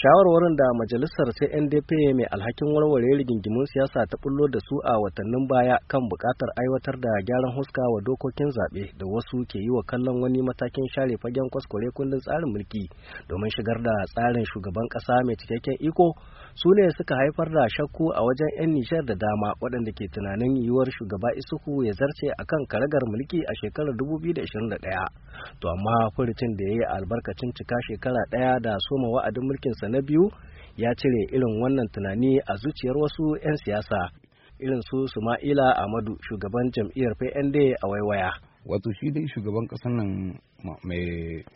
shawarwarin da majalisar CNDP mai alhakin warware rigingimun siyasa ta bullo da su a watannin baya kan bukatar aiwatar da gyaran huska wa dokokin zaɓe da wasu ke yi wa kallon wani matakin share fagen kwaskware kundin tsarin mulki domin shigar da tsarin shugaban ƙasa mai cikakken iko su ne suka haifar da shakku a wajen 'yan nishar da dama waɗanda ke tunanin yiwuwar shugaba isuhu ya zarce a kan karagar mulki a shekarar 2021 to amma furucin da ya yi albarkacin cika shekara ɗaya da soma wa'adin mulkin sa na biyu ya cire irin wannan tunani a zuciyar wasu 'yan siyasa irin su Suma'ila Amadu shugaban jam'iyyar PND a waiwaya. Wato shi dai shugaban ƙasar nan mai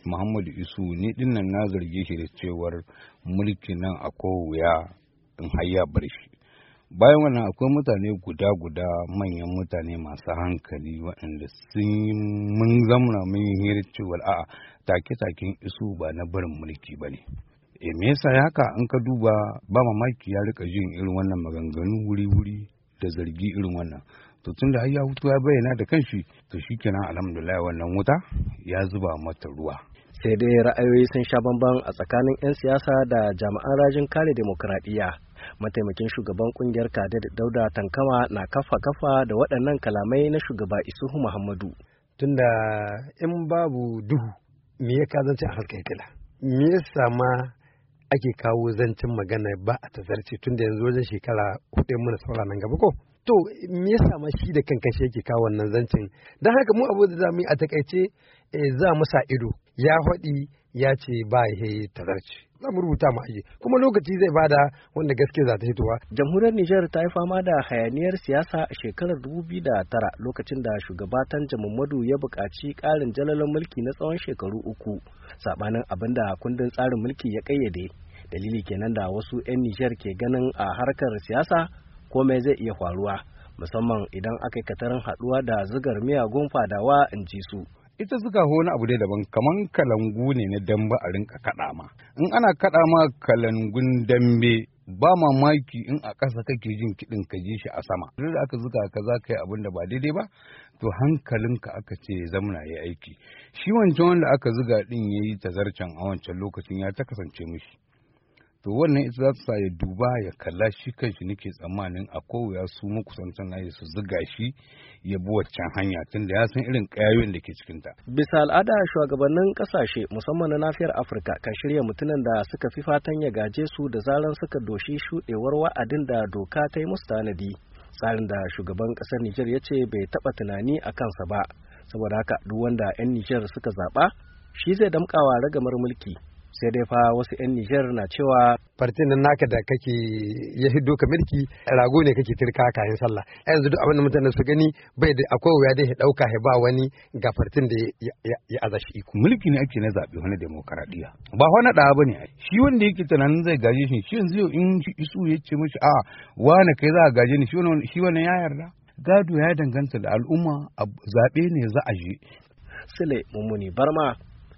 Muhammadu Isu ni din nan na zarge shi da cewar mulki nan a wuya in hayya bar shi. Bayan wannan akwai mutane guda guda manyan mutane masu hankali waɗanda sun mun zamana mun yi hirar cewar a'a take-taken isu ba na barin mulki ba ne. E me yasa ya haka an ka duba ba mamaki ya rika jin irin wannan maganganu wuri-wuri da zargi irin wannan. To tun da ya hutu ya bayyana da kanshi to shikenan alhamdulillah wannan wuta ya zuba mata ruwa. Sai dai ra'ayoyi sun sha bamban a tsakanin 'yan siyasa da jami'an rajin kare demokuraɗiyya. mataimakin shugaban kungiyar da dauda tankama na kafa kafa da waɗannan kalamai na shugaba isuhu muhammadu tunda in babu duhu me ya kazance a harkar kila me ya sama ake kawo zancin magana ba a tazarce tun da yanzu wajen shekara hudu muna saura nan gaba ko to me yasa ma shi da kankan shi yake kawo wannan zancin dan haka mu abu da zamu yi a takaice eh, za mu sa ido ya faɗi ya ce ba ya tazarce za mu rubuta mu aje kuma lokaci zai bada wanda gaske za ta hitowa jamhuriyar Nijar ta yi fama da hayaniyar siyasa a shekarar 2009 lokacin da shugabatan Muhammadu ya buƙaci ƙarin jalalan mulki na tsawon shekaru uku sabanin abin da kundin tsarin mulki ya ƙayyade dalili kenan da wasu 'yan Nijar ke ganin a harkar siyasa komai zai iya faruwa musamman idan aka yi katarin haɗuwa da zigar miyagun fadawa in ji su ita suka ho wani abu dai daban kaman kalangu ne na dambe a rinka kaɗa ma in ana kaɗa ma kalangun dambe ba mamaki in a ƙasa kake jin kiɗin ka ji shi a sama duk da aka zuka ka za ka yi abin da ba daidai ba to hankalinka aka ce ya zamana ya aiki shi wancan wanda aka zuga ɗin ya yi tazarcen a wancan lokacin ya ta kasance mishi to wannan ita za ta sa ya duba ya kalla shi kanshi nake tsammanin a kowaya su kusantan nayi su ziga shi ya bi waccan hanya tunda ya san irin ƙayoyin da ke cikinta. bisa al'ada shugabannin ƙasashe musamman na nafiyar afirka kan shirya mutumin da suka fi fatan ya gaje su da zaran suka doshi shuɗewar wa'adin da doka ta yi musu tanadi tsarin da shugaban ƙasar nijar ya ce bai taɓa tunani a kansa ba saboda haka duk wanda 'yan nijar suka zaɓa shi zai damƙawa ragamar mulki sai dai fa wasu 'yan Nijar na cewa fartin nan naka da kake ya hiddo ka milki rago ne kake tirka kayan sallah yanzu duk abin da mutane su gani bai da akwai wuya dai ya dauka ya ba wani ga fartin da ya azashi iko mulki ne ake na zabe wani demokaradiyya ba wani da bane shi wanda yake tunanin zai gaje shi shi yanzu in isu ya ce mishi a wani kai za a gaje ni shi wani ya yarda gado ya danganta da al'umma zaɓe ne za a je. Sule Mummuni Barma